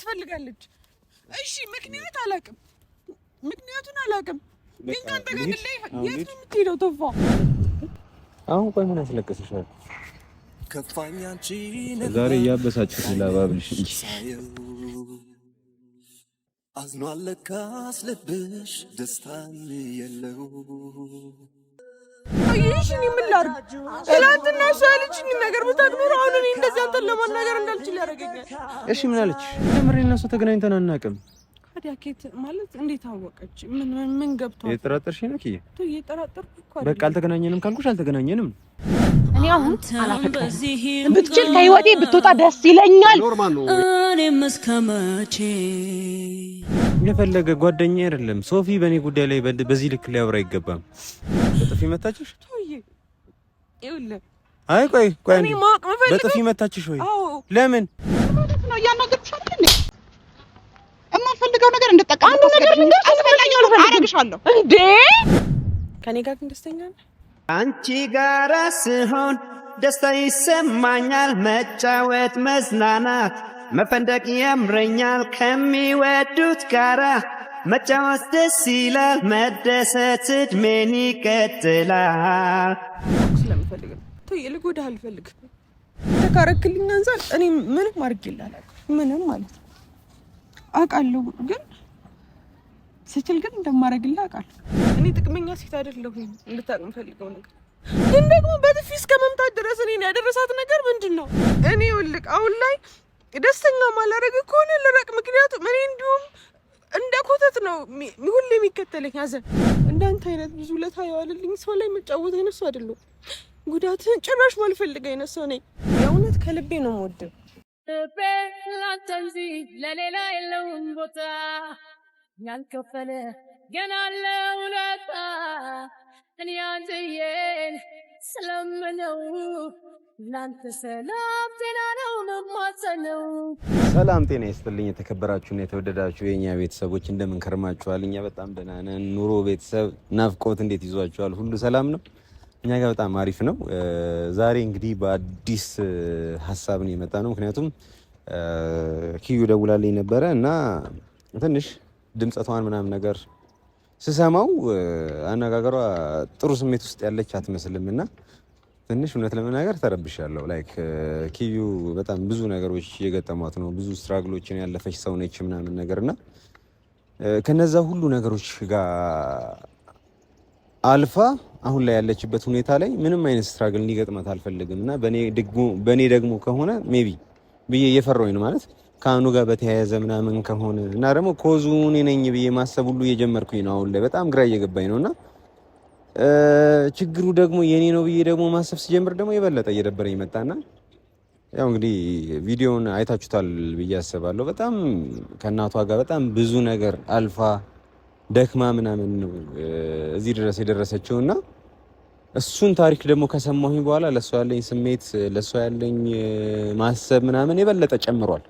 ትፈልጋለች። እሺ ምክንያት አላውቅም፣ ምክንያቱን አላውቅም። ግን ከአንተ ጋር ላይ የት ነው የምትሄደው? ተፋ አሁን ቆይ ምን ያስለቅስሻል? ዛሬ እያበሳጭሽ ላባብልሽ አዝኗል ለካስ ልብሽ ደስታን የለው ይህሽን የምላርግ ትላንትና እሷ ያለችኝ ነገር ብታክብሩ አሁን እኔ እንደዚህ አንተን ለማናገር እንዳልችል ያደርገኛል። እሺ ምን አለች? ምሬ እነሱ ተገናኝተን አናውቅም። ኬት ማለት እንዴት አወቀች? ምን ገብቷል? የጠራጠርሽ ነው ኪዬ? የጠራጠርኩ እኮ በቃ አልተገናኘንም ካልኩሽ አልተገናኘንም። እኔ አሁን አላፈቅድም። ብትችል ከህይወቴ ብትወጣ ደስ ይለኛል። ኖርማል ነው። እኔም እስከ መቼ የፈለገ ጓደኛ አይደለም። ሶፊ በእኔ ጉዳይ ላይ በዚህ ልክ ሊያወራ አይገባም። በጥፊ መታችሽ? አይ ቆይ ቆይ፣ በጥፊ መታችሽ ወይ? ለምን የማልፈልገው ነገር ከኔ ጋር ግን ደስተኛ አንቺ ጋራ ስሆን ደስታ ይሰማኛል። መጫወት መዝናናት መፈንደቅ ያምረኛል ከሚወዱት ጋራ መጫወት ደስ ይላል፣ መደሰት እድሜን ይቀጥላል። ስለምፈልግ አልፈልግም። ተካረክልኝ አንፃር እኔ ምንም ማድረግ ምንም ማለት ነው አውቃለሁ፣ ግን ስችል ግን እንደማደርግልህ አውቃለሁ። እኔ ጥቅመኛ ሴት አይደለሁም እንድታውቅ የምፈልገው ነገር ግን ደግሞ በጥፊ እስከ መምታት ድረስ እኔን ያደረሳት ነገር ምንድን ነው? እኔ ውልቅ አሁን ላይ ደስተኛ ማላረግ ከሆነ ልረቅ። ምክንያቱም እኔ እንዲሁም እንደ ኮተት ነው ሁሌ የሚከተለኝ ሐዘን። እንዳንተ አይነት ብዙ ለታ የዋለልኝ ሰው ላይ መጫወት አይነት ሰው አይደለሁም። ጉዳትህን ጭራሽ ማልፈልግ አይነት ሰው ነኝ። የእውነት ከልቤ ነው የምወደው። ልቤ ላንተ እንጂ ለሌላ የለውም ቦታ ያልከፈለ ገና ለውለታ እኔ አንተዬን ስለምነው ሰላም ጤና ይስጥልኝ። የተከበራችሁና የተወደዳችሁ የእኛ ቤተሰቦች እንደምን ከርማችኋል? እኛ በጣም ደህና ነን። ኑሮ፣ ቤተሰብ፣ ናፍቆት እንዴት ይዟችኋል? ሁሉ ሰላም ነው? እኛ ጋር በጣም አሪፍ ነው። ዛሬ እንግዲህ በአዲስ ሀሳብ ነው የመጣ ነው። ምክንያቱም ኪዩ ደውላልኝ ነበረ እና ትንሽ ድምፀቷን ምናምን ነገር ስሰማው አነጋገሯ ጥሩ ስሜት ውስጥ ያለች አትመስልም እና ትንሽ እውነት ለመናገር ተረብሻለሁ። ላይክ uh, ኪዩ በጣም ብዙ ነገሮች እየገጠሟት ነው። ብዙ ስትራግሎችን ያለፈች ሰው ነች ምናምን ነገር እና uh, ከነዛ ሁሉ ነገሮች ጋር አልፋ አሁን ላይ ያለችበት ሁኔታ ላይ ምንም አይነት ስትራግል እንዲገጥማት አልፈልግም እና በእኔ ደግሞ ከሆነ ሜቢ ብዬ እየፈራሁኝ ነው ማለት ከአኑ ጋር በተያያዘ ምናምን ከሆነ እና ደግሞ ኮዙ እኔ ነኝ ብዬ ማሰብ ሁሉ እየጀመርኩኝ ነው አሁን ላይ በጣም ግራ እየገባኝ ነው እና ችግሩ ደግሞ የኔ ነው ብዬ ደግሞ ማሰብ ሲጀምር ደግሞ የበለጠ እየደበረኝ መጣና ያው እንግዲህ ቪዲዮውን አይታችሁታል ብዬ አስባለሁ። በጣም ከእናቷ ጋር በጣም ብዙ ነገር አልፋ ደክማ ምናምን ነው እዚህ ድረስ የደረሰችው እና እሱን ታሪክ ደግሞ ከሰማሁኝ በኋላ ለእሷ ያለኝ ስሜት ለእሷ ያለኝ ማሰብ ምናምን የበለጠ ጨምሯል።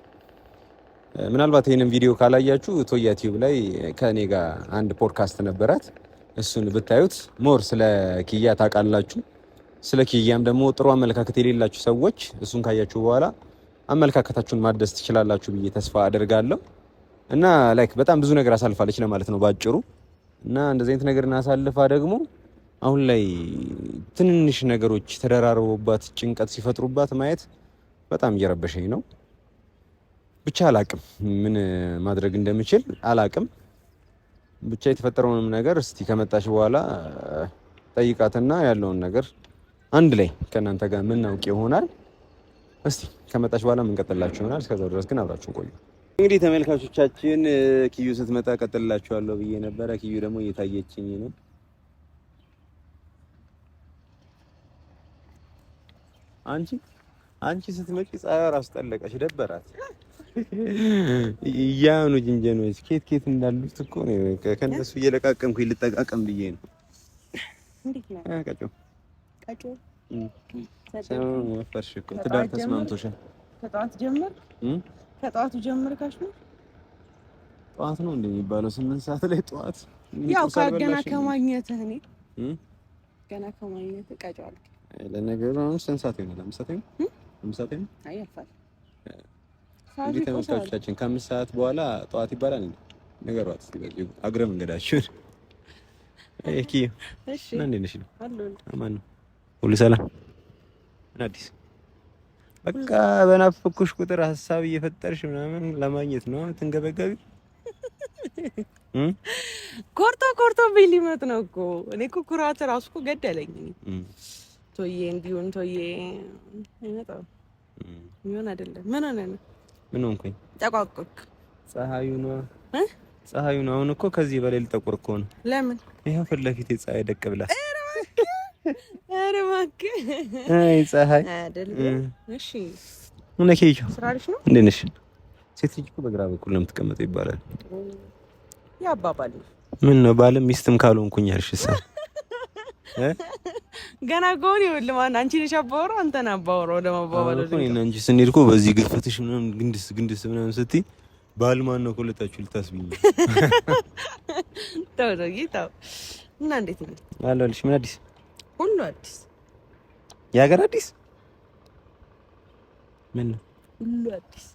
ምናልባት ይህንን ቪዲዮ ካላያችሁ ቶያ ቲዩብ ላይ ከእኔ ጋር አንድ ፖድካስት ነበራት እሱን ብታዩት ሞር ስለ ኪያ ታውቃላችሁ። ስለ ኪያም ደግሞ ጥሩ አመለካከት የሌላችሁ ሰዎች እሱን ካያችሁ በኋላ አመለካከታችሁን ማደስ ትችላላችሁ ብዬ ተስፋ አደርጋለሁ። እና ላይክ በጣም ብዙ ነገር አሳልፋለች ለማለት ነው ባጭሩ። እና እንደዚህ አይነት ነገር አሳልፋ ደግሞ አሁን ላይ ትንንሽ ነገሮች ተደራርበውባት ጭንቀት ሲፈጥሩባት ማየት በጣም እየረበሸኝ ነው። ብቻ አላቅም፣ ምን ማድረግ እንደምችል አላቅም። ብቻ የተፈጠረውንም ነገር እስቲ ከመጣች በኋላ ጠይቃትና ያለውን ነገር አንድ ላይ ከእናንተ ጋር የምናውቅ ይሆናል። እስቲ ከመጣች በኋላ የምንቀጥላችሁ ይሆናል። እስከዛ ድረስ ግን አብራችሁን ቆዩ። እንግዲህ ተመልካቾቻችን ኪዩ ስትመጣ ቀጥልላችኋለሁ ብዬ ነበረ። ኪዩ ደግሞ እየታየችኝ ነው። አንቺ አንቺ ስትመጪ ፀሐይ ራሱ ጠለቀች፣ ደበራት። ያኑ ጅንጀኖች ኬት ኬት እንዳሉት እኮ ነው። ከነሱ ልጠቃቀም ብዬ ነው። ትዳር ተስማምቶሻል። ከጠዋት ጀምር ከጠዋቱ ጀምር ካሽ ነው ጠዋት ነው እንደሚባለው ስምንት ሰዓት ላይ ጠዋት ያው እኔ ገና ቀጮ ለነገሩ አሁን ስንት ሰዓት ይሆናል? አምስት ሰዓት ይሆናል። አምስት ሰዓት ነው። አይ ያልፋል እንግዲህ ተመልካቾቻችን ከአምስት ሰዓት በኋላ ጠዋት ይባላል እንዴ? ነገሯት እስኪ በዚህ አግረ መንገዳችሁን። እኪ እሺ፣ ምን እንደነሽ ነው? አማን ነው ሁሉ ሰላም፣ ምን አዲስ? በቃ በናፈኩሽ ቁጥር ሀሳብ እየፈጠርሽ ምናምን ለማግኘት ነው ትንገበገቢ። ኮርቶ ኮርቶ ብኝ ሊመት ነው እኮ እኔ እኮ ኩራት ራሱ እኮ ገደለኝ። ቶዬ እንዲሁን ቶዬ ይመጣው ይሆን አይደለም ምን ሆነ ነው ምን ሆንኩኝ? ጠቋቆርክ። ፀሐዩ ነው ፀሐዩ ነው። አሁን እኮ ከዚህ በላይ ልጠቁር እኮ ነው። ለምን? ይሄው ፊት ለፊቴ ፀሐይ ደቅ ብላ። ኧረ እባክህ አይ ፀሐይ አይደል? እሺ እንዴት ነሽ? ሴት ልጅ እኮ በግራ በኩል ነው የምትቀመጠው ይባላል። ያ አባባል ምን ነው ባልም ሚስትም ካልሆንኩኝ አልሽሳ ገና ከሆነ ይኸውልህ ማን አንቺን አንተ አንተን አባወራው ወደ ማባባል አንቺ ስንሄድ እኮ በዚህ ግድፈትሽ ምናምን ግንድስ ግንድስ ምናምን ስትይ ባል ማን ነው ከሁለታችሁ ልታስብኝ? ተው ተው ተው። እና እንዴት ነው አለሁልሽ። ምን አዲስ? ሁሉ አዲስ፣ የሀገር አዲስ። ምን ነው ሁሉ አዲስ።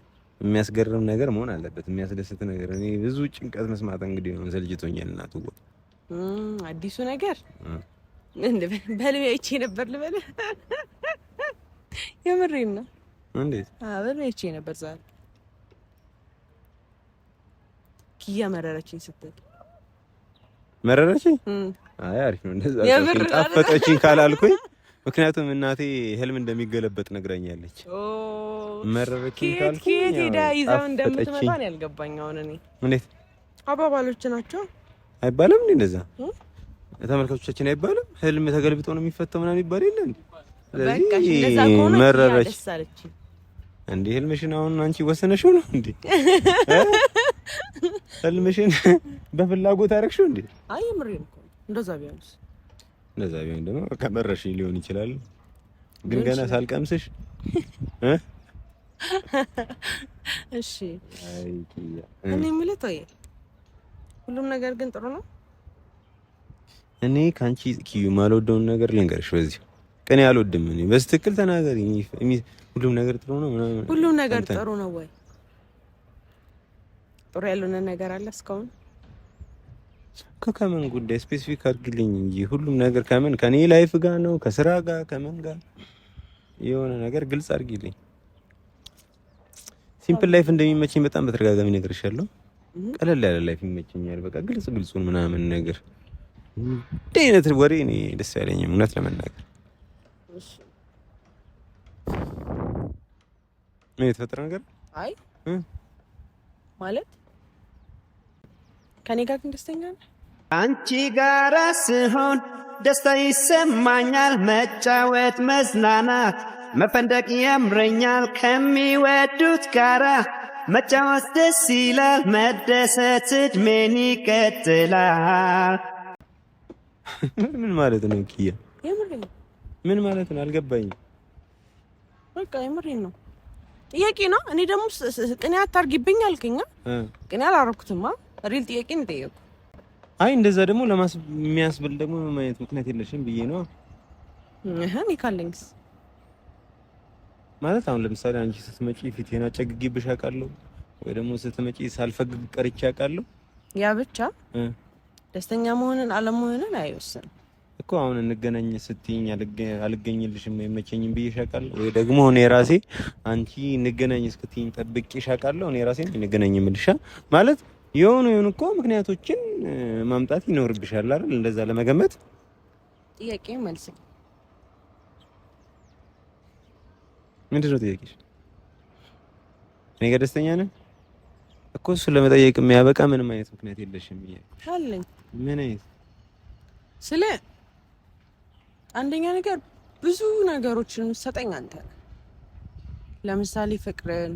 የሚያስገርም ነገር መሆን አለበት፣ የሚያስደስት ነገር። እኔ ብዙ ጭንቀት መስማት እንግዲህ ነው ሰልችቶኛል። እናትዎ አዲሱ ነገር በህልሜ አይቼ ነበር ልበል። የምሬን ነው። እንዴት? አዎ በህልሜ አይቼ ነበር ዛሬ ኪያ መረረችኝ ስትል መረረችኝ። አይ አሪፍ ነው። እንደዛ ጣፈጠችኝ ካላልኩኝ ምክንያቱም እናቴ ህልም እንደሚገለበጥ ነግራኛለች። መረረችኝ ይዛው እንደምትመጣ ነው ያልገባኝ። አሁን እኔ እንዴት አባባሎች ናቸው አይባልም እንደዛ ተመልካቾቻችን አይባልም ህልም ተገልብጦ ነው የሚፈተው ምናምን ይባል የለ እንዴ? ስለዚህ መረረች እንዴ ህልምሽን አሁን አንቺ ወሰነሽው ነው እንዴ? ህልምሽን በፍላጎት አደረግሽው እንዴ? አይ ምሬን እኮ እንደዛ ቢሆንስ እንደዛ ቢሆን ደግሞ ከመረሽኝ ሊሆን ይችላል። ግን ገና ሳልቀምስሽ እሺ። እኔ የምልህ ተወዬ፣ ሁሉም ነገር ግን ጥሩ ነው እኔ ከአንቺ ኪዩ የማልወደውን ነገር ልንገርሽ። በዚህ ቀን አልወድም እኔ በስትክል ተናገር። ሁሉም ነገር ጥሩ ነው። ሁሉም ነገር ጥሩ ነው ወይ ጥሩ ያልሆነ ነገር አለ እስካሁን? ከከምን ጉዳይ ስፔሲፊክ አድርግልኝ እንጂ ሁሉም ነገር ከምን ከኔ ላይፍ ጋር ነው ከስራ ጋር ከምን ጋር የሆነ ነገር ግልጽ አድርግልኝ። ሲምፕል ላይፍ እንደሚመቸኝ በጣም በተደጋጋሚ ነገር ይሻለው። ቀለል ያለ ላይፍ ይመቸኛል። በቃ ግልጽ ግልጹን ምናምን ነገር እንዲህ አይነት ወሬ እኔ ደስ አይለኝም፣ እውነት ለመናገር ምን የተፈጠረ ነገር አይ ማለት ከኔ ጋር ግን ደስተኛ ነህ። አንቺ ጋር ስሆን ደስታ ይሰማኛል። መጫወት፣ መዝናናት፣ መፈንደቅ ያምረኛል። ከሚወዱት ጋራ መጫወት ደስ ይላል። መደሰት እድሜን ይቀጥላል። ምን ማለት ነው ኪያ? የምሬን ምን ማለት ነው አልገባኝም። በቃ የምሬን ነው ጥያቄ ነው። እኔ ደግሞ ቅኔ አታርጊብኝ አልከኝ። ቅኔ አላረኩትማ ሪል ጥያቄ ነው የጠየኩት። አይ እንደዛ ደግሞ ለሚያስብል ደግሞ ምንም አይነት ምክንያት የለሽም ብዬ ነው። እኔ ይካለኝስ ማለት አሁን ለምሳሌ አንቺ ስትመጪ ፊቴን አጨግጊብሽ አውቃለሁ፣ ወይ ደግሞ ስትመጪ ሳልፈግግ ቀርቼ አውቃለሁ። ያ ብቻ ደስተኛ መሆንን አለመሆንን አይወስንም እኮ። አሁን እንገናኝ ስትይኝ አልገኝልሽም አይመቸኝም ብዬ አውቃለሁ። ወይ ደግሞ እኔ ራሴ አንቺ እንገናኝ እስክትይኝ ጠብቄሽ አውቃለሁ። እኔ ራሴ እንገናኝ የምልሻ ማለት የሆኑ የሆኑ እኮ ምክንያቶችን ማምጣት ይኖርብሻል አይደል? እንደዛ ለመገመት ጥያቄ መልስ ምንድን ነው ጥያቄሽ? እኔ ጋር ደስተኛ ነህ እኮ እሱ ለመጠየቅ የሚያበቃ ምንም አይነት ምክንያት የለሽም አለኝ። ምን ስለ አንደኛ ነገር ብዙ ነገሮችን ሰጠኝ አንተ ለምሳሌ ፍቅርን፣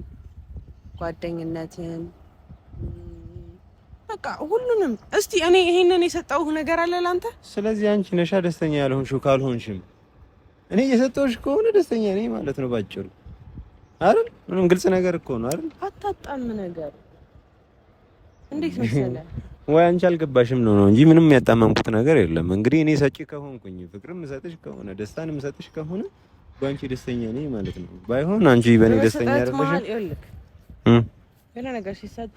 ጓደኝነትን፣ በቃ ሁሉንም። እስቲ እኔ ይሄንን የሰጠሁህ ነገር አለ ለአንተ። ስለዚህ አንቺ ነሻ ደስተኛ ያልሆንሽው። ካልሆንሽም እኔ እየሰጠሁሽ ከሆነ ደስተኛ ነኝ ማለት ነው ባጭሩ አይደል? ምንም ግልጽ ነገር እኮ ነው አይደል? አታጣም ነገር እንዴት መሰለህ ወይ አንቺ አልገባሽም ነው ነው እንጂ ምንም ያጣመምኩት ነገር የለም። እንግዲህ እኔ ሰጪ ከሆንኩኝ ፍቅርም ሰጥሽ ከሆነ ደስታንም ሰጥሽ ከሆነ በአንቺ ደስተኛ ነኝ ማለት ነው። ባይሆን አንቺ በእኔ ደስተኛ አይደለሽም። የሆነ ነገር ሲሰጥ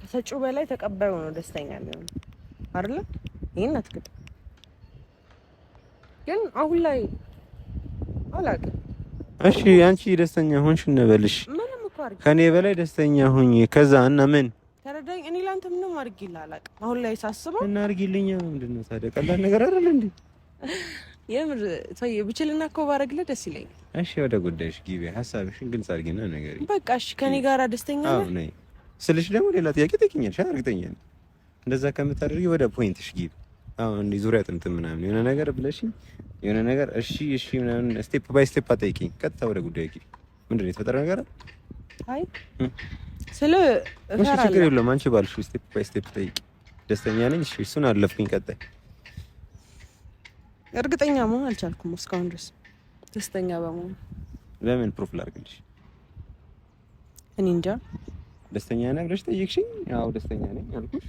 ከሰጪው በላይ ተቀባዩ ነው ደስተኛ ነው አይደል? ይሄን አትክድ ግን አሁን ላይ አላውቅም። እሺ አንቺ ደስተኛ ሆንሽ እንበልሽ ከኔ በላይ ደስተኛ ሆኝ ከዛ እና ምን ተረዳኝ። እኔ ላንተ ምንም አድርጌልህ አላውቅም። አሁን ላይ ሳስበው እና አድርጌልኛ ምንድን ነው ታዲያ? ቀላል ነገር አይደል እንዴ? የምር ተይ፣ ብችልና እኮ ባደርግልህ ደስ ይለኝ። እሺ፣ ወደ ጉዳይሽ ግቢ። ሀሳብሽን ግልጽ አድርጊና ነገር በቃ እሺ። ከኔ ጋር ደስተኛ ነህ ስልሽ ደግሞ ሌላ ጥያቄ ጠይቂኛለሽ። እርግጠኛ ነኝ እንደዛ ከምታደርጊ ወደ ፖይንትሽ ግቢ። አሁን እንዲህ ዙሪያ ጥምጥም ምናምን የሆነ ነገር ብለሽ የሆነ ነገር እሺ እሺ ምናምን ስቴፕ ባይ ስቴፕ አጠይቂኝ። ቀጥታ ወደ ጉዳይ ግቢ። ምንድን ነው የተፈጠረ ነገር? አይ ስለ ችግር የለውም። አንቺ ባልሽው ስቴፕ ባይ ስቴፕ ጠይቂ። ደስተኛ ነኝ። እሺ፣ እሱን አለፍኩኝ። ቀጣይ እርግጠኛ መሆን አልቻልኩም እስካሁን ድረስ ደስተኛ በመሆን ለምን ፕሩፍ ላድርግልሽ? እኔ እንጃ። ደስተኛ ነህ ብለሽ ጠይቅሽኝ። አዎ ደስተኛ ነኝ አልኩሽ፣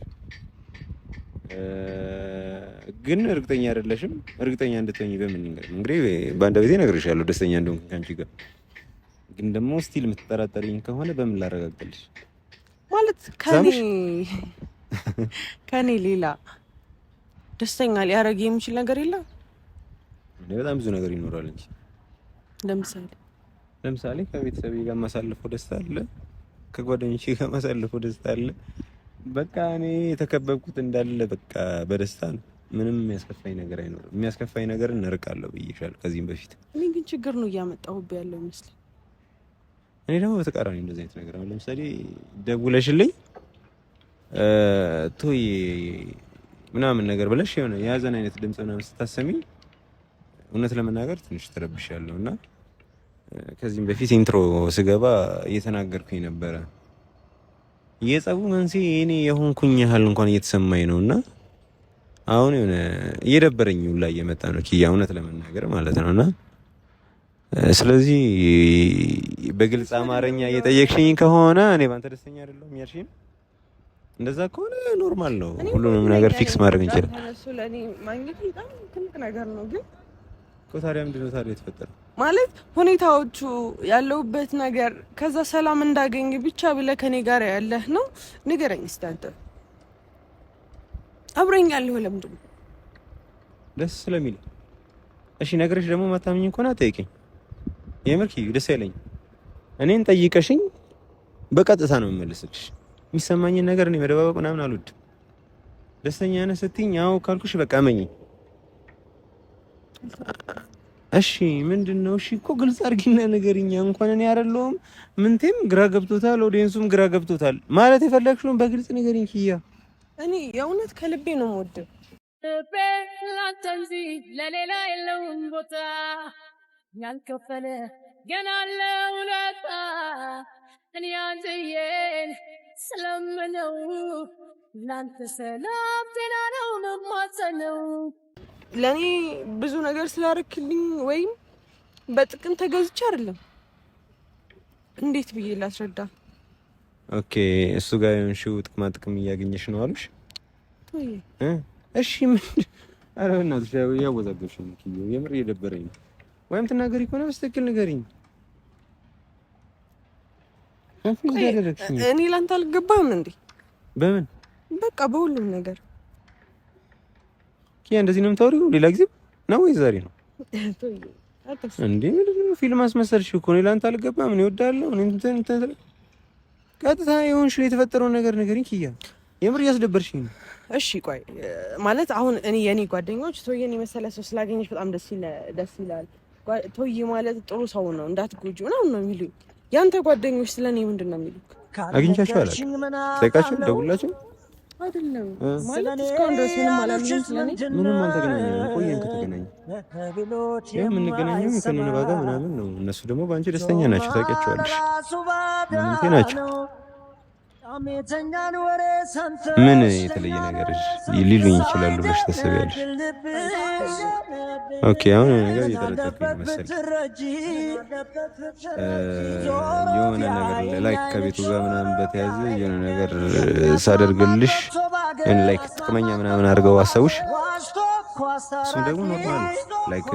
ግን እርግጠኛ አይደለሽም። እርግጠኛ እንድትሆኚ በምን እንግዲህ በአንድ ቤቴ እነግርሻለሁ ደስተኛ እንደሆንኩኝ ከአንቺ ጋር ግን ደግሞ ስቲል የምትጠራጠሪኝ ከሆነ በምን ላረጋግጥልሽ? ማለት ከኔ ከኔ ሌላ ደስተኛ ሊያደርግ የሚችል ነገር የለም። በጣም ብዙ ነገር ይኖራል እንጂ ለምሳሌ ለምሳሌ ከቤተሰቤ ጋር ማሳልፈው ደስታ አለ፣ ከጓደኞች ጋር ማሳልፈው ደስታ አለ። በቃ እኔ የተከበብኩት እንዳለ በቃ በደስታ ነው። ምንም የሚያስከፋኝ ነገር አይኖርም። የሚያስከፋኝ ነገር እንርቃለሁ ብዬሻል ከዚህም በፊት። እኔ ግን ችግር ነው እያመጣሁብ ያለው ይመስለኝ እኔ ደግሞ በተቃራኒ እንደዚህ አይነት ነገር አሁን ለምሳሌ ደውለሽልኝ ቶይ ምናምን ነገር ብለሽ የሆነ የያዘን አይነት ድምፅ ምናምን ስታሰሚ እውነት ለመናገር ትንሽ ትረብሻለሁ እና ከዚህም በፊት ኢንትሮ ስገባ እየተናገርኩኝ ነበረ። የጸቡ መንስኤ እኔ የሆንኩኝ ያህል እንኳን እየተሰማኝ ነው እና አሁን የሆነ እየደበረኝ ሁላ እየመጣ ነው ኪያ እውነት ለመናገር ማለት ነው እና ስለዚህ በግልጽ አማርኛ እየጠየቅሽኝ ከሆነ እኔ ባንተ ደስተኛ አይደለሁም ያልሽኝ እንደዛ ከሆነ ኖርማል ነው። ሁሉንም ነገር ፊክስ ማድረግ እንችላለን። እሱ ለእኔ ማግኘት በጣም ትልቅ ነገር ነው። ግን እኮ ታዲያ ምንድን ነው ታዲያ የተፈጠረው? ማለት ሁኔታዎቹ ያለውበት ነገር ከዛ ሰላም እንዳገኝ ብቻ ብለህ ከኔ ጋር ያለህ ነው። ንገረኝ እስኪ አንተ አብረኝ ያለሁ ለምንድን ነው ደስ ስለሚል? እሺ ነገሮች ደግሞ ማታምኝ እንኳን አጠይቀኝ የምር ደስ አይለኝ። እኔን ጠይቀሽኝ በቀጥታ ነው የምመልስልሽ። የሚሰማኝን ነገር እኔ መደባበቅ ምናምን አልወድም። ደስተኛ ነህ ስትይኝ ያው ካልኩሽ በቃ መኝ። እሺ ምንድን ነው? እሺ እኮ ግልጽ አድርጊና ነገርኛ እንኳን እኔ አይደለሁም ምንቴም ግራ ገብቶታል፣ ኦዲየንሱም ግራ ገብቶታል። ማለት የፈለግሽውን በግልጽ ነገርኝ ኪያ። እኔ የእውነት ከልቤ ነው የምወደው። ለሌላ የለውም ቦታ ያልከፈለ ገና ለውለታ እኔ አንተዬን ስለምነው ሰላም ጤና ነው መማጸነው ለእኔ ብዙ ነገር ስላረክልኝ ወይም በጥቅም ተገዝቼ አይደለም። እንዴት ብዬ ላስረዳ? ኦኬ እሱ ጋር የሆንሽው ጥቅማ ጥቅም እያገኘሽ ነው አሉሽ? እሺ ምን? ያወዛገብሽ ነው። የምር የደበረኝ ነው ወይም ትናገሪ ከሆነ በስትክክል ንገሪኝ። እኔ ላንተ አልገባም እንዴ? በምን በቃ በሁሉም ነገር ኪያ፣ እንደዚህ ነው የምታወሪው? ሌላ ጊዜ ነው ወይ ዛሬ ነው እንዴ? ፊልም አስመሰልሽ እኮ እኔ ላንተ አልገባም። እኔ እወዳለሁ። እኔ እንትን እንትን ቀጥታ የሆንሽ የተፈጠረውን ነገር ንገሪኝ ኪያ። የምር እያስደበርሽኝ ነው። እሺ ቆይ ማለት አሁን እኔ የኔ ጓደኞች ሰውዬን የመሰለ ሰው ስላገኘሽ በጣም ደስ ይላል። ቶይ ማለት ጥሩ ሰው ነው እንዳትጎጂ ምናምን ነው የሚሉኝ። ያንተ ጓደኞች ስለኔ እኔ ምንድን ነው የሚሉት? አግኝቻቸው አላውቅም። ጠይቃቸው ደውላቸው አይደለም ማለት እስካሁን ድረስ ምንም አላልኩም። ስለኔ ምንም አልተገናኘንም። ቆየን ከተገናኘን የምንገናኘው ከእነ ነባ ጋር ምናምን ነው። እነሱ ደግሞ በአንቺ ደስተኛ ናቸው። ታውቂያቸዋለሽ ምንቴ ናቸው ምን የተለየ ነገር ሊሉኝ ይችላሉ ብለሽ ታስቢያለሽ? ኦኬ አሁን ነገር እየጠረጠርኩኝ መሰለኝ። የሆነ ነገር ላይክ ከቤቱ ጋር ምናምን በተያዘ የሆነ ነገር ሳደርግልሽ ላይክ ጥቅመኛ ምናምን አድርገው አሰቡሽ። እሱም ደግሞ ኖርማል ላይክ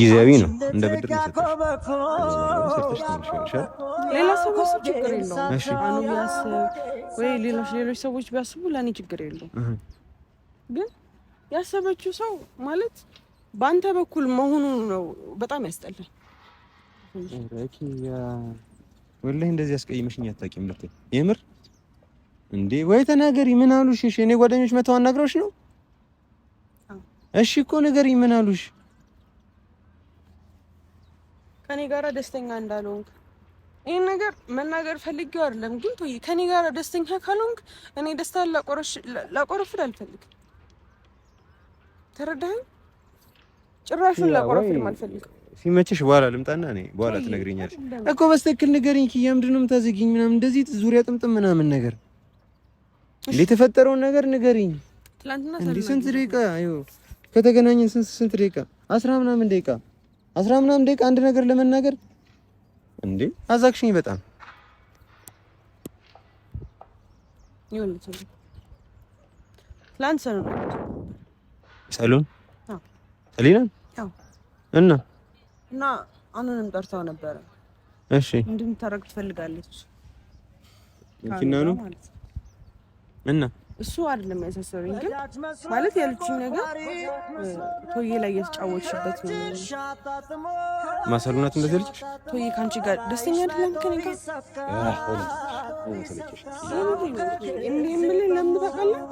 ጊዜያዊ ነው፣ እንደ ብድር ነው። ሌላ ሰው ማሰብ ችግር የለውም። አኑ ቢያስብ ወይ ሌሎች ሌሎች ሰዎች ቢያስቡ ለእኔ ችግር የለውም። ግን ያሰበችው ሰው ማለት በአንተ በኩል መሆኑ ነው በጣም ያስጠላል። ወላሂ እንደዚህ ያስቀይመሽኝ አታውቂም ብትይ የምር እንዴ ወይ ተናገሪ። ምን አሉሽ? እሺ እኔ ጓደኞች መተው አናግረውሽ ነው? እሺ እኮ ንገሪ፣ ምን አሉሽ? ከኔ ጋራ ደስተኛ እንዳልሆንክ ይህን ነገር መናገር ፈልጌው አይደለም፣ ግን ቶዬ ከኔ ጋር ደስተኛ ካልሆንክ እኔ ደስታ ላቆረፍድ አልፈልግም። ተረዳኸኝ? ጭራሹን ላቆረፍድም አልፈልግም። ሲመችሽ በኋላ ልምጣና እኔ በኋላ ትነግሪኛለሽ እኮ። በስተክል ንገሪኝ ኪያ፣ ምንድን ነው የምታዘጊኝ? ምናምን እንደዚህ ዙሪያ ጥምጥም ምናምን ነገር እንደ የተፈጠረውን ነገር ንገሪኝ። እንደ ስንት ደቂቃ ከተገናኘን ስንት ደቂቃ አስራ ምናምን ደቂቃ አስራ ምናምን ደቂቃ አንድ ነገር ለመናገር እንዴ አዛክሽኝ በጣም ይሁን ትላንት ሰሎን ሰሎን ሰሊና እና እና አንንም ጠርታው ነበረ። እሺ እንድንታረቅ ትፈልጋለች። መኪና ነው እና እሱ አይደለም ያሳሰበኝ፣ ግን ማለት ያለችኝ ነገር ቶዬ ላይ እየተጫወትሽበት ማሰሉናት እንደዚህ ልጅ ቶዬ ከአንቺ ጋር ደስተኛ አይደለም ከኔ ጋር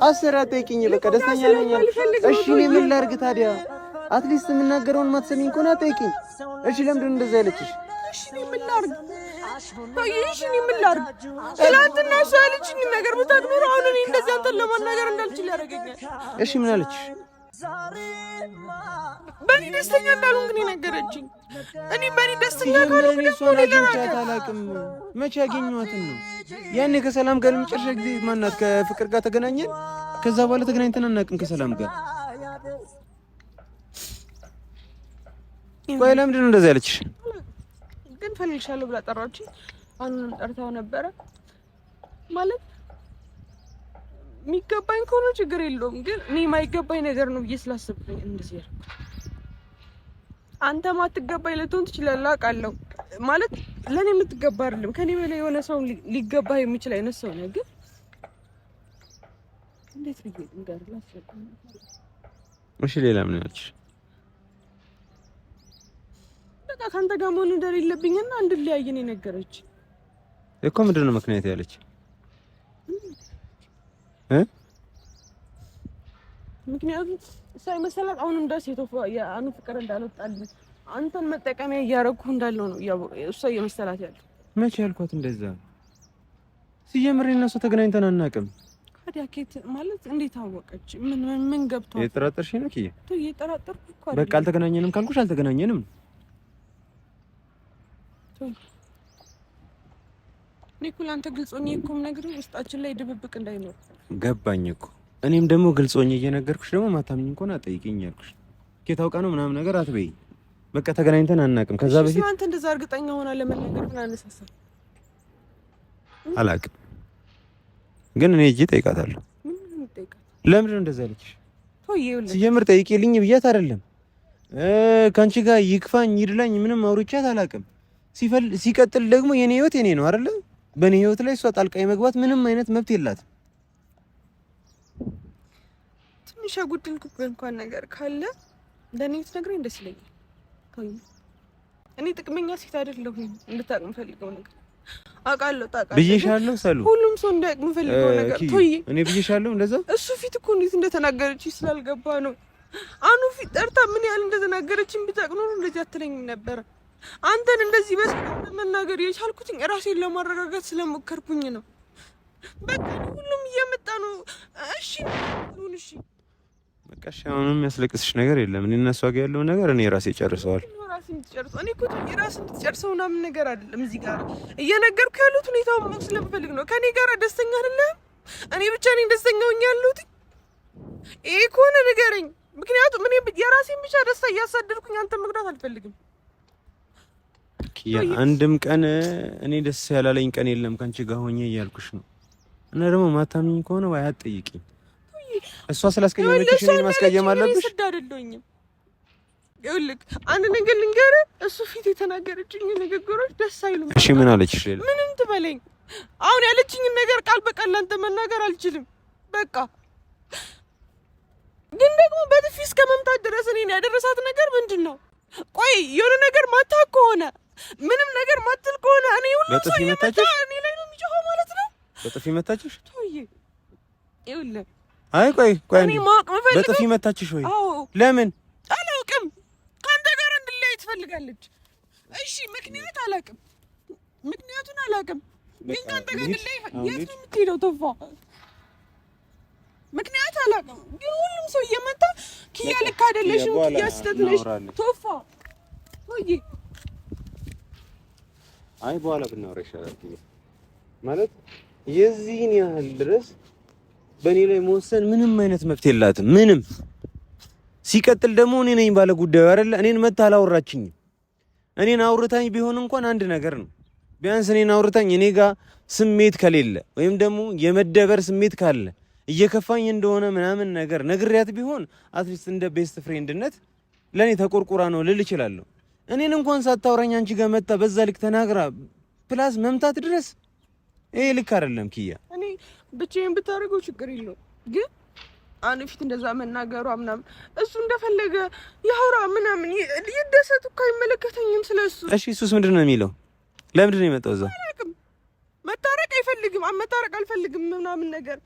አስራ ጠይቂኝ። በቃ ደስተኛ ነኝ። እሺ እኔ ምን ላድርግ ታዲያ? አትሊስት የምናገረውን ማትሰሚኝ ከሆነ ጠይቅኝ። እሺ ለምንድን እንደዚህ ያለችሽ? እሺ ምን ላድርግ ታየሽ። እኔ ምን ላድርግ? ትላንትና እሷ ያለችኝ ነገር ብታክኖር አሁን እኔ እንደዚህ አንተን ለማናገር እንዳልችል ያደርገኛል። እሺ ምን አለች? በእኔ ደስተኛ እንዳልሆንክ ነው የነገረችኝ። እኔ በእኔ ደስተኛ ካልሆንክ ደግሞ ሌለራቀ አላውቅም። መቼ ያገኘኋትን ነው ያኔ ከሰላም ጋር ለመጨረሻ ጊዜ ማናት ከፍቅር ጋር ተገናኘን። ከዛ በኋላ ተገናኝተን አናውቅም ከሰላም ጋር። ቆይ ለምንድን ነው እንደዚህ ያለችሽ? ግን ፈልግሻለሁ ብላ ጠራች። አኑንም ጠርታው ነበረ ማለት የሚገባኝ ከሆነ ችግር የለውም፣ ግን እኔ የማይገባኝ ነገር ነው ብዬ ስላሰብኩኝ እንደዚህ ያልኩ። አንተ ማትገባኝ ልትሆን ትችላለህ አውቃለሁ። ማለት ለእኔ የምትገባ አይደለም፣ ከኔ በላይ የሆነ ሰው ሊገባ የሚችል አይነት ሰው ነው። ግን እንዴት ብዬ ልንገርህ? እሺ ሌላ ምን ያልሽ በቃ ከአንተ ጋር መሆን እንደሌለብኝና እንድለያየን የነገረች እኮ። ምንድን ነው ምክንያት ያለች እ ምክንያቱም ሳይመሰላት አሁንም ድረስ የአኑ ፍቅር እንዳልወጣልኝ አንተን መጠቀሚያ እያደረኩ እንዳለው ነው እሷ እየመሰላት ያለ። መቼ ያልኳት እንደዛ ሲጀምር እነሱ ተገናኝተን አናውቅም። ከዳኬት ማለት እንዴት አወቀች? ምን ምን ገብቷል? የጠራጠርሽ ነው ኪያ? እኮ በቃ አልተገናኘንም ካልኩሽ አልተገናኘንም ነው እኔ እኮ ለአንተ ግልጽ እኮ የምነግርህ ውስጣችን ላይ ድብብቅ እንዳይኖር ገባኝ እኮ እኔም ደግሞ ግልጾኝ ሆኜ እየነገርኩሽ ደግሞ ማታምኝ ከሆነ አጠይቅኝ ያልኩሽ ኬት ነው ምናምን ነገር አትበይ በቃ ተገናኝተን አናውቅም ከዛ በፊት አንተ እንደዛ እርግጠኛ ሆና ለመናገር ምን አነሳሳል አላውቅም ግን እኔ እጅ ጠይቃታለሁ ለምንድን እንደዛ ያለችሽ ሲጀምር ጠይቄልኝ ብያት አይደለም ከአንቺ ጋር ይክፋኝ ይድላኝ ምንም አውርቻት አላውቅም ሲቀጥል ደግሞ የኔ ህይወት የኔ ነው አይደለ? በእኔ ህይወት ላይ እሷ ጣልቃ የመግባት ምንም አይነት መብት የላትም። ትንሽ ያጎደልኩት እንኳን ነገር ካለ ለእኔ ብትነግረኝ ደስ ይለኛል። እኔ ጥቅመኛ ሴት አይደለሁም። እንድታውቅ የምፈልገው ነገር አውቃለሁ። ታውቃለህ ብዬሻለሁ። ሰሉ ሁሉም ሰው እንዳያውቅ የምፈልገው ነገር ቶዬ እኔ ብዬሻለሁ። እንደዛ እሱ ፊት እኮ እንዴት እንደተናገረች ስላልገባ ነው። አኑ ፊት ጠርታ ምን ያህል እንደተናገረችን ብታውቅ ኖሮ እንደዚህ አትለኝም ነበረ። አንተን እንደዚህ በሰላም መናገር የቻልኩትኝ ራሴን ለማረጋጋት ስለሞከርኩኝ ነው። በቃ ሁሉም እየመጣ ነው። እሺ ሁን እሺ በቃ እሺ። አሁንም የሚያስለቅስሽ ነገር የለም። እኔ እና ጋር ያለው ነገር እኔ ራሴ ጨርሰዋል። እንድትጨርሰው ምናምን ነገር አይደለም። እዚህ ጋር እየነገርኩ ያሉት ማወቅ ስለምፈልግ ነው። ከእኔ ጋር ደስተኛ አይደለም። እኔ ብቻ ነኝ ደስተኛ ሆኜ ይሄ ከሆነ ንገረኝ። ምክንያቱም እኔ የራሴን ብቻ ደስታ እያሳደድኩኝ አንተ መግዳት አልፈልግም። አንድም ቀን እኔ ደስ ያላለኝ ቀን የለም ከአንቺ ጋር ሆኜ እያልኩሽ ነው። እና ደግሞ ማታምኝ ከሆነ ወይ አትጠይቂኝ። እሷ ስላስቀየመችሽ እኔን ማስቀየም አለብሽ? ይኸውልህ አንድ ነገር ልንገርህ፣ እሱ ፊት የተናገረችኝ ንግግሮች ደስ አይሉም። እሺ ምን አለችሽ? ሌላ ምንም ትበለኝ። አሁን ያለችኝን ነገር ቃል በቃል አንተ መናገር አልችልም። በቃ ግን ደግሞ በጥፊ እስከ መምታት ድረስ እኔን ያደረሳት ነገር ምንድን ነው? ቆይ የሆነ ነገር ማታ ከሆነ ምንም ነገር ማትል ከሆነ እኔ ሁሉ ሰው እየመጣ እኔ ላይ ነው የሚጮኸው ማለት ነው። በጥፊ መታችሽ? ቶዬ ይውለ አይ ቆይ ቆይ፣ እኔ ማወቅ የምፈልገው በጥፊ መታችሽ ወይ? ለምን አላውቅም። ከአንተ ጋር እንድለያይ ትፈልጋለች። እሺ፣ ምክንያት አላውቅም፣ ምክንያቱን አላውቅም። ግን ከአንተ ጋር እንድለያይ የት ነው የምትሄደው? ተፋ ምክንያት አላውቅም። ግን ሁሉም ሰው እየመጣ ኪያ ልክ አይደለሽም፣ ኪያ ስተት ነሽ። ተፋ ተውዬ አይ በኋላ ብናወራ ይሻላል ማለት የዚህን ያህል ድረስ በእኔ ላይ መወሰን ምንም አይነት መብት የላትም። ምንም ሲቀጥል ደግሞ እኔ ነኝ ባለ ጉዳዩ አይደለ? እኔን መታ አላወራችኝም። እኔን አውርታኝ ቢሆን እንኳን አንድ ነገር ነው። ቢያንስ እኔን አውርታኝ እኔ ጋር ስሜት ከሌለ ወይም ደግሞ የመደበር ስሜት ካለ እየከፋኝ እንደሆነ ምናምን ነገር ነግሪያት ቢሆን አትሊስት እንደ ቤስት ፍሬንድነት ለእኔ ተቆርቁራ ነው ልል እችላለሁ። እኔን እንኳን ሳታወራኝ አንቺ ጋር መጣ በዛ ልክ ተናግራ ፕላስ መምታት ድረስ ይሄ ልክ አይደለም። ኪያ እኔ ብቻዬን ብታደርገው ችግር የለው ግን አን ፊት እንደዛ መናገሯ ምናምን እሱ እንደፈለገ ያውራ ምናምን ይደሰት እኮ አይመለከተኝም ስለሱ። እሺ እሱስ ምንድን ነው የሚለው? ለምንድን ነው የመጣው? እዛ መታረቅ አይፈልግም መታረቅ አልፈልግም ምናምን ነገር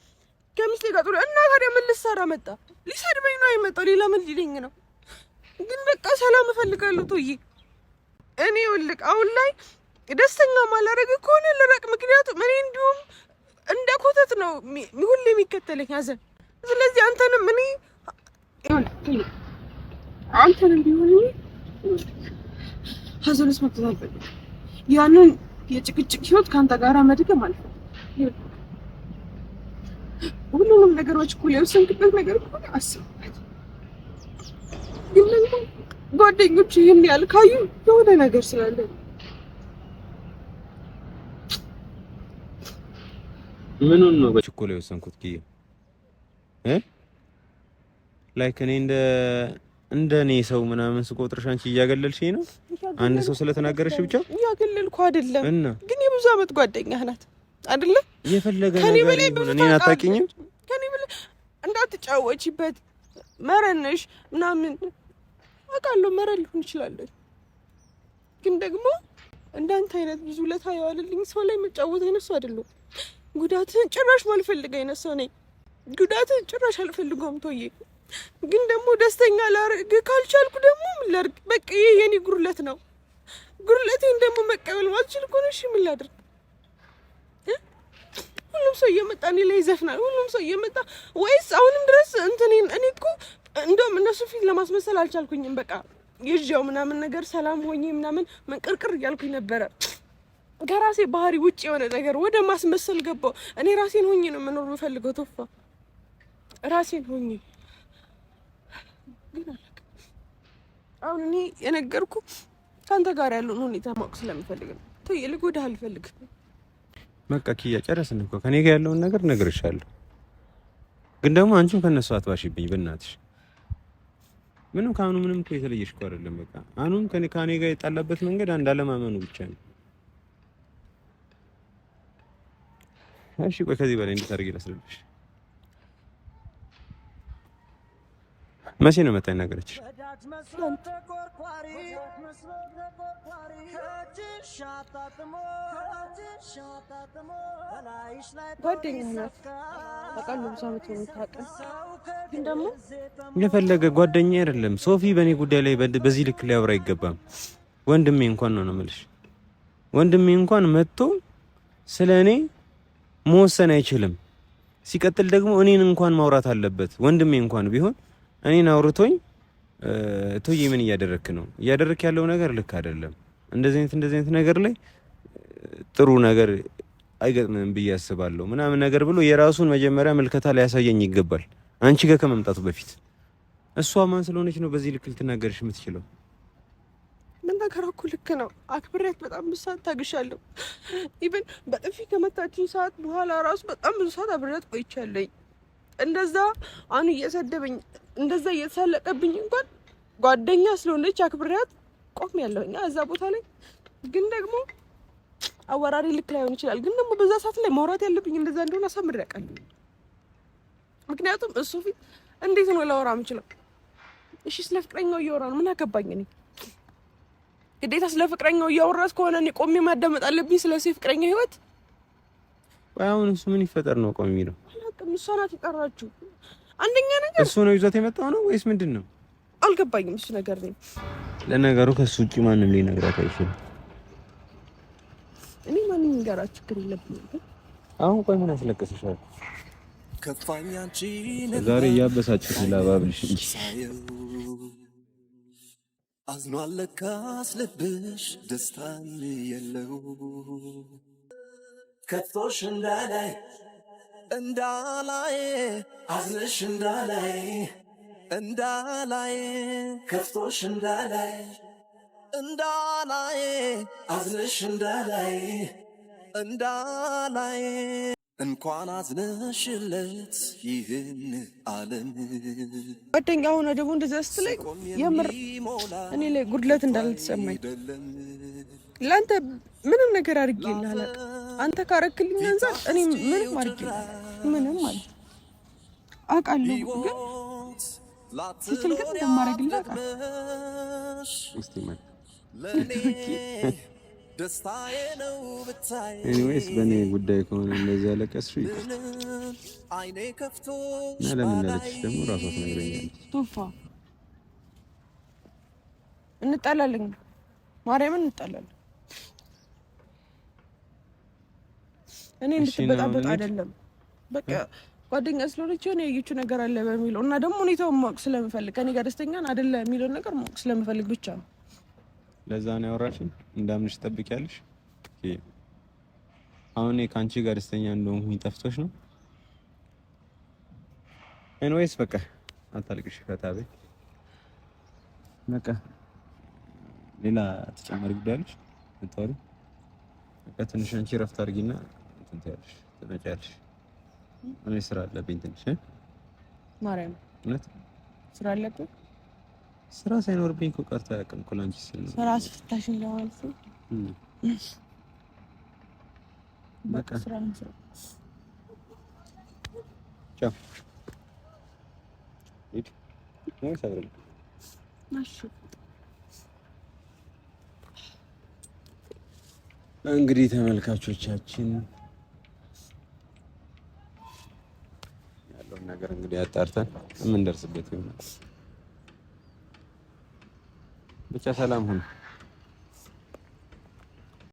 ከሚስቴ ጋር ጥሩ እና ታዲያ ምን ልሰራ መጣ? ሊሰድበኝ ነው የመጣው። ሌላ ምን ሊለኝ ነው? ግን በቃ ሰላም እፈልጋለሁ ቶዬ እኔ ውልቅ አሁን ላይ ደስተኛ ማላረግ ከሆነ ልረቅ። ምክንያቱም እኔ እንዲሁም እንደ ኮተት ነው ሁሉ የሚከተለኝ ሐዘን። ስለዚህ አንተንም እኔ አንተንም ቢሆን ሀዘን ሐዘን ውስጥ መክተት ያንን የጭቅጭቅ ህይወት ከአንተ ጋር መድገም አልፈልግም። ሁሉንም ነገሮች እኮ የወሰንክበት ነገር እኮ አስብበት ግን ደግሞ ጓደኞች ይህን ያህል ካዩ የሆነ ነገር ስላለ ምኑን ነው በችኮላ የወሰንኩት? ጊዜ ላይክ እኔ እንደ እንደ እኔ ሰው ምናምን ስቆጥርሽ አንቺ እያገለልሽኝ ነው። አንድ ሰው ስለተናገረሽ ብቻ እያገለልኩ አይደለም። እና ግን የብዙ አመት ጓደኛህ ናት አይደለ? የፈለገ ብዙ እኔን አታውቂኝም። ከኔ በላይ እንዳትጫወቺበት መረንሽ ምናምን አውቃለሁ መረን ልሆን እችላለሁ። ግን ደግሞ እንዳንተ አይነት ብዙ ለታ የዋለልኝ ሰው ላይ መጫወት አይነት ሰው አይደለሁም። ጉዳትህን ጭራሽ ማልፈልግ አይነት ሰው ነኝ። ጉዳትህን ጭራሽ አልፈልገውም ቶዬ። ግን ደግሞ ደስተኛ ላርግ ካልቻልኩ ደግሞ ምን ላርግ? በቃ ይሄ የኔ ጉርለት ነው። ጉርለቴን ደግሞ መቀበል ማልችል ከሆነ እሺ ምን ላድርግ? ሁሉም ሰው እየመጣ እኔ ላይ ይዘፍናል። ሁሉም ሰው እየመጣ ወይስ አሁንም ድረስ እንትን እኔ እኮ እንደውም እነሱ ፊት ለማስመሰል አልቻልኩኝም። በቃ ይዤው ምናምን ነገር ሰላም ሆኜ ምናምን መንቅርቅር እያልኩኝ ነበረ። ከራሴ ባህሪ ውጭ የሆነ ነገር ወደ ማስመሰል ገባው። እኔ ራሴን ሆኜ ነው መኖር የምፈልገው። ቶፋ ራሴን ሆኜ ግን አሁን እኔ የነገርኩ ከአንተ ጋር ያለውን ሁኔታ ማወቅ ስለምፈልግ ነው። ተይ ልጎዳህ አልፈልግም። በቃ ኪያ ጨረስን እኮ ከኔ ጋር ያለውን ነገር እነግርሻለሁ። ግን ደግሞ አንቺም ከነሱ አትባሽብኝ በእናትሽ ምንም ከአኑ ምንም እኮ የተለየሽ እኮ አይደለም። በቃ አኑም ከኔ ጋር የጣላበት መንገድ አለማመኑ ብቻ ነው። እሺ ቆይ ከዚህ በላይ እንድታደርጊ ላስረዳሽ መቼ ነው መታኝ ነገረችሽ? የፈለገ ጓደኛ አይደለም። ሶፊ በእኔ ጉዳይ ላይ በዚህ ልክ ሊያወራ አይገባም። ወንድሜ እንኳን ነው ነው የምልሽ ወንድሜ እንኳን መጥቶ ስለ እኔ መወሰን አይችልም። ሲቀጥል ደግሞ እኔን እንኳን ማውራት አለበት ወንድሜ እንኳን ቢሆን እኔን አውርቶኝ ቶዬ ምን እያደረክ ነው? እያደረክ ያለው ነገር ልክ አይደለም። እንደዚህ አይነት እንደዚህ አይነት ነገር ላይ ጥሩ ነገር አይገጥምም ብዬ አስባለሁ ምናምን ነገር ብሎ የራሱን መጀመሪያ ምልከታ ሊያሳየኝ ይገባል። አንቺ ጋር ከመምጣቱ በፊት እሷ ማን ስለሆነች ነው በዚህ ልክ ልትናገርሽ የምትችለው? መናገር እኮ ልክ ነው። አክብሬያት በጣም ብዙ ሰዓት ታግሻለሁ። ኢቨን በጥፊ ከመታችኝ ሰዓት በኋላ ራሱ በጣም ብዙ ሰዓት አብሬያት ቆይቻለኝ። እንደዛ አሁን እየሰደበኝ እንደዛ እየተሳለቀብኝ እንኳን ጓደኛ ስለሆነች አክብሬያት ቆም ያለውኛ እዛ ቦታ ላይ ግን ደግሞ አወራሪ ልክ ላይሆን ይችላል። ግን ደግሞ በዛ ሰዓት ላይ ማውራት ያለብኝ እንደዛ እንደሆነ አሳምሬ አውቃለሁ። ምክንያቱም እሱ ፊት እንዴት ነው ላወራ የምችለው? እሺ ስለ ፍቅረኛው እያወራ ነው፣ ምን አገባኝ እኔ። ግዴታ ስለ ፍቅረኛው እያወራት ከሆነ እኔ ቆሜ ማዳመጥ አለብኝ ስለ ሴ ፍቅረኛ ህይወት። አሁን እሱ ምን ይፈጠር ነው ቆሚ ነው አላውቅም። እሷ ናት አንደኛ ነገር እሱ ነው ይዟት የመጣው ነው ወይስ ምንድን ነው አልገባኝም። እሱ ነገር ነው ለነገሩ ከሱ ውጪ ማንም ሊነግራት አይችልም። እኔ ማንም ይንገራት ችግር የለብኝም። አሁን ቆይ ምን አስለቅስሻል? ዛሬ እያበሳጭሽ ላባብልሽ እንጂ አዝኖ አለካስ ልብሽ ደስታን የለው ከቶሽ እንዳላይ እንዳላይ አዝነሽ እንዳላይ እንዳላይ ከፍቶሽ እንዳላይ እንዳላይ አዝነሽ እንዳላይ እንዳላይ እንኳን አዝነሽለት ይህን ዓለም ጓደኛ ሆነ ደግሞ እንደዚያ ስትለኝ የምር እኔ ላይ ጉድለት እንዳልተሰማኝ ለአንተ ምንም ነገር አድርጌልህ አላውቅም። አንተ ካረክልኝ አንጻር እኔ ምንም አድርጌልህ ምንም ማለት አውቃለሁ፣ ግን ስትል ግን እንደማደርግልህ ኤኒዌይስ በእኔ ጉዳይ ከሆነ እንደዚህ ያለቀስሽ እና ለምን እንዳለችሽ ደግሞ እራሷ ትነግረኛለች። ቶፋ እንጣላለን፣ ማርያምን እንጣላለን። እኔ እንድትበጣበጥ አይደለም በቃ ጓደኛ ስለሆነች የሆነ ያየችው ነገር አለ በሚለው እና ደግሞ ሁኔታውን ማወቅ ስለምፈልግ ከኔ ጋር ደስተኛን አደለ የሚለውን ነገር ማወቅ ስለምፈልግ ብቻ ነው። ለዛ ነው ያወራሽን እንዳምንሽ ትጠብቂያለሽ። አሁን ከአንቺ ጋር ደስተኛ እንደሆንኩኝ ጠፍቶሽ ነው። ኤንዌይስ በቃ አታልቅሽ። ፈታ ቤት በቃ ሌላ ተጨማሪ ጉዳይ አለሽ የምታወሪው? በቃ ትንሽ አንቺ ረፍት አድርጊና ትንት ያለሽ እኔ ስራ አለብኝ ትንሽ ማርያም። እውነት ስራ አለብኝ። ስራ ሳይኖርብኝ እኮ ቀርቶ አያውቅም እኮ ለአንቺ ስል ስራ አስፈታሽን ለማለት ነው። በቃ ስራ እንግዲህ ተመልካቾቻችን ነገር እንግዲህ አጣርተን የምንደርስበት ይሆናል። ብቻ ሰላም ሁን።